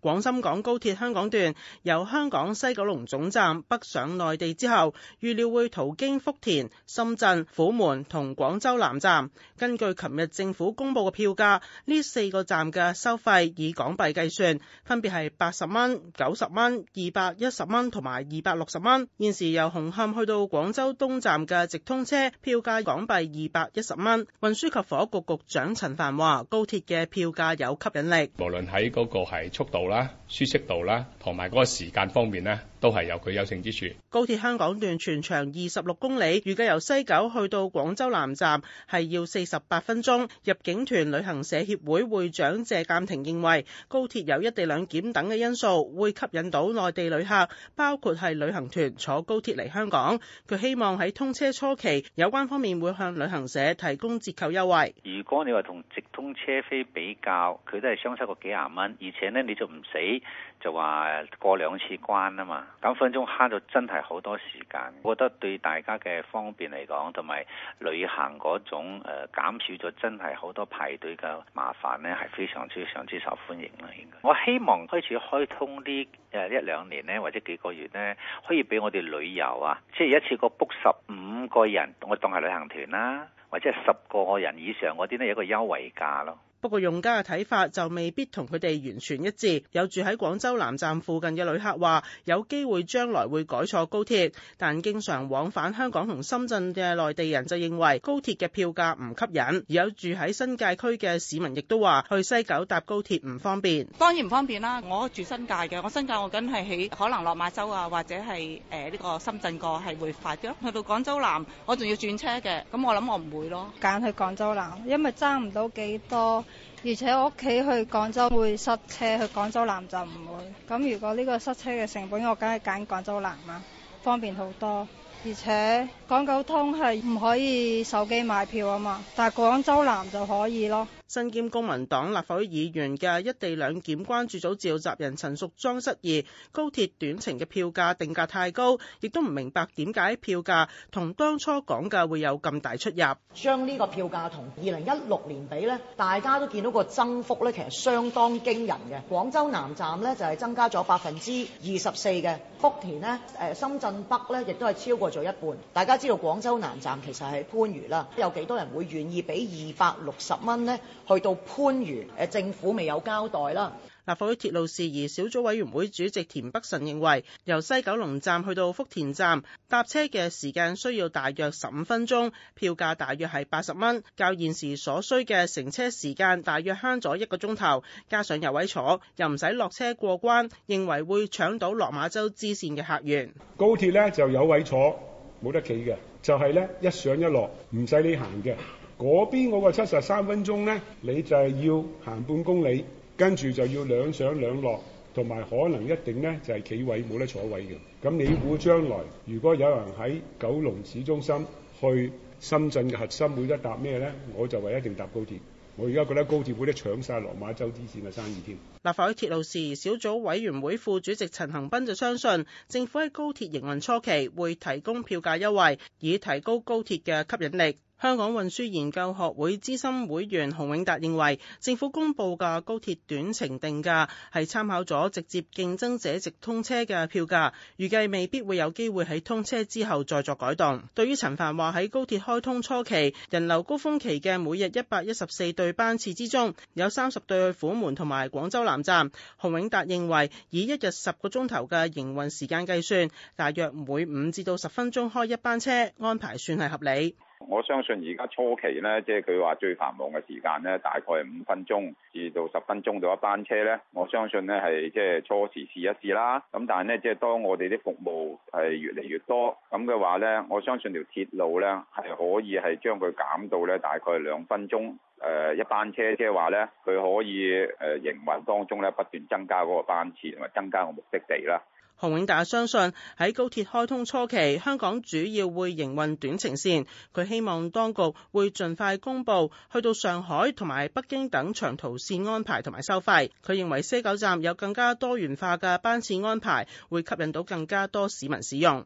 廣深港高鐵香港段由香港西九龍總站北上內地之後，預料會途經福田、深圳、虎門同廣州南站。根據琴日政府公布嘅票價，呢四個站嘅收費以港幣計算，分別係八十蚊、九十蚊、二百一十蚊同埋二百六十蚊。現時由紅磡去到廣州東站嘅直通車票價港幣二百一十蚊。運輸及房屋局局長陳帆話：高鐵嘅票價有吸引力，無論喺嗰個係速度。啦舒適度啦，同埋嗰個時間方面咧。都係有佢優勝之處。高鐵香港段全長二十六公里，預計由西九去到廣州南站係要四十八分鐘。入境團旅行社協會會長謝鑑庭認為，高鐵有一地兩檢等嘅因素，會吸引到內地旅客，包括係旅行團坐高鐵嚟香港。佢希望喺通車初期，有關方面會向旅行社提供折扣優惠。如果你話同直通車飛比較，佢都係相差個幾廿蚊，而且呢，你就唔死就話過兩次關啊嘛。九分鐘慳咗真係好多時間，我覺得對大家嘅方便嚟講，同埋旅行嗰種誒、呃、減少咗真係好多排隊嘅麻煩呢係非常之、非常之受歡迎啦。應該我希望開始開通呢誒一兩年呢，或者幾個月呢，可以俾我哋旅遊啊，即係一次過 book 十五個人，我當係旅行團啦、啊，或者十個人以上嗰啲呢有一個優惠價咯。不過用家嘅睇法就未必同佢哋完全一致。有住喺廣州南站附近嘅旅客話，有機會將來會改坐高鐵。但經常往返香港同深圳嘅內地人就認為高鐵嘅票價唔吸引。而有住喺新界區嘅市民亦都話，去西九搭高鐵唔方便。當然唔方便啦，我住新界嘅，我新界我梗係喺可能落馬洲啊，或者係誒呢個深圳個係會快啲。去到廣州南我仲要轉車嘅，咁我諗我唔會咯，揀去廣州南，因為爭唔到幾多。而且我屋企去廣州會塞車，去廣州南就唔會。咁如果呢個塞車嘅成本，我梗係揀廣州南啦，方便好多。而且廣九通係唔可以手機買票啊嘛，但係廣州南就可以咯。身兼公民黨立法會議員嘅一地兩檢關注組召集人陳淑莊質疑，高鐵短程嘅票價定價太高，亦都唔明白點解票價同當初講嘅會有咁大出入。將呢個票價同二零一六年比呢，大家都見到個增幅呢，其實相當驚人嘅。廣州南站呢，就係增加咗百分之二十四嘅，福田呢，誒深圳北呢，亦都係超過咗一半。大家知道廣州南站其實係番禺啦，有幾多人會願意俾二百六十蚊呢？去到番禺，誒政府未有交代啦。立法會鐵路事宜小組委員會主席田北辰認為，由西九龍站去到福田站，搭車嘅時間需要大約十五分鐘，票價大約係八十蚊，較現時所需嘅乘車時間大約慳咗一個鐘頭，加上有位坐，又唔使落車過關，認為會搶到落馬洲支線嘅客源。高鐵咧就有位坐，冇得企嘅，就係咧一上一落唔使你行嘅。嗰邊嗰個七十三分鐘呢，你就係要行半公里，跟住就要兩上兩落，同埋可能一定呢，就係企位冇得坐位嘅。咁你估將來如果有人喺九龍市中心去深圳嘅核心，會得搭咩呢？我就話一定搭高鐵。我而家覺得高鐵會得搶晒落馬洲支線嘅生意添。立法會鐵路事小組委員會副主席陳恆鑌就相信，政府喺高鐵營運初期會提供票價優惠，以提高高鐵嘅吸引力。香港運輸研究學會資深會員洪永達認為，政府公布嘅高鐵短程定價係參考咗直接競爭者直通車嘅票價，預計未必會有機會喺通車之後再作改動。對於陳帆話喺高鐵開通初期人流高峰期嘅每日一百一十四對班次之中，有三十對去虎門同埋廣州南站，洪永達認為以一日十個鐘頭嘅營運時間計算，大約每五至到十分鐘開一班車安排算係合理。我相信而家初期呢，即係佢話最繁忙嘅時間呢，大概五分鐘至到十分鐘到一班車呢。我相信呢係即係初時試一試啦。咁但係呢，即係當我哋啲服務係越嚟越多，咁嘅話呢，我相信條鐵路呢係可以係將佢減到呢，大概兩分鐘，誒一班車，即係話呢，佢可以誒營運當中呢，不斷增加嗰個班次同埋增加個目的地啦。洪永達相信喺高鐵開通初期，香港主要會營運短程線。佢希望當局會盡快公布去到上海同埋北京等長途線安排同埋收費。佢認為西九站有更加多元化嘅班次安排，會吸引到更加多市民使用。